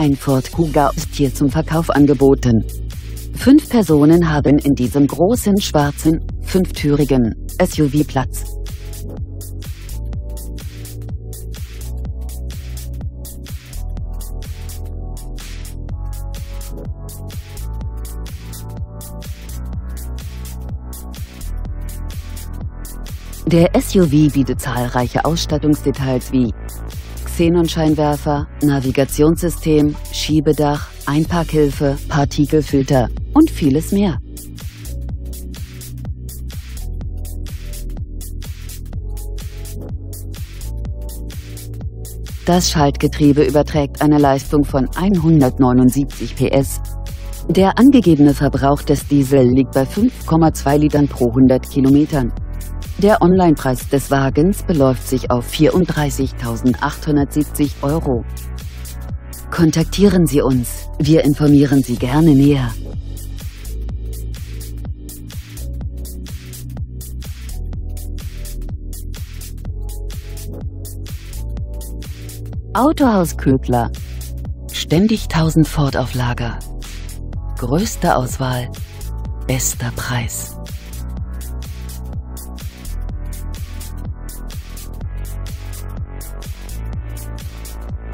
Ein Ford Kuga ist hier zum Verkauf angeboten. Fünf Personen haben in diesem großen schwarzen, fünftürigen SUV Platz. Der SUV bietet zahlreiche Ausstattungsdetails wie Xenonscheinwerfer, Navigationssystem, Schiebedach, Einparkhilfe, Partikelfilter und vieles mehr. Das Schaltgetriebe überträgt eine Leistung von 179 PS. Der angegebene Verbrauch des Diesel liegt bei 5,2 Litern pro 100 Kilometern. Der Onlinepreis des Wagens beläuft sich auf 34.870 Euro. Kontaktieren Sie uns, wir informieren Sie gerne näher. Autohaus Köbler. Ständig 1000 Ford auf Lager. Größte Auswahl, bester Preis.